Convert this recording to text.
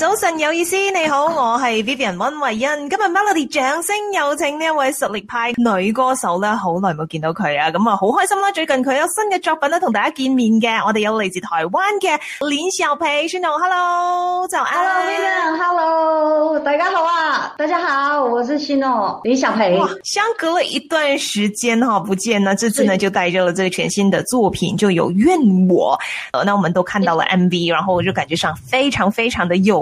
早晨有意思，你好，我係 Vivian 溫慧欣。今日 Melody 掌聲有請呢一位實力派女歌手咧，好耐冇見到佢啊！咁啊，好開心啦！最近佢有新嘅作品咧，同大家見面嘅。我哋有嚟自台灣嘅林曉培，Shino，hello 就 hello Vivian，hello 大家好啊！大家好，我是 Shino，林曉培。哇，相隔了一段時間哈，不見啊！這次呢就帶着了全新嘅作品，就有怨我。呃，那我們都看到了 MV，然後我就感覺上非常非常的有。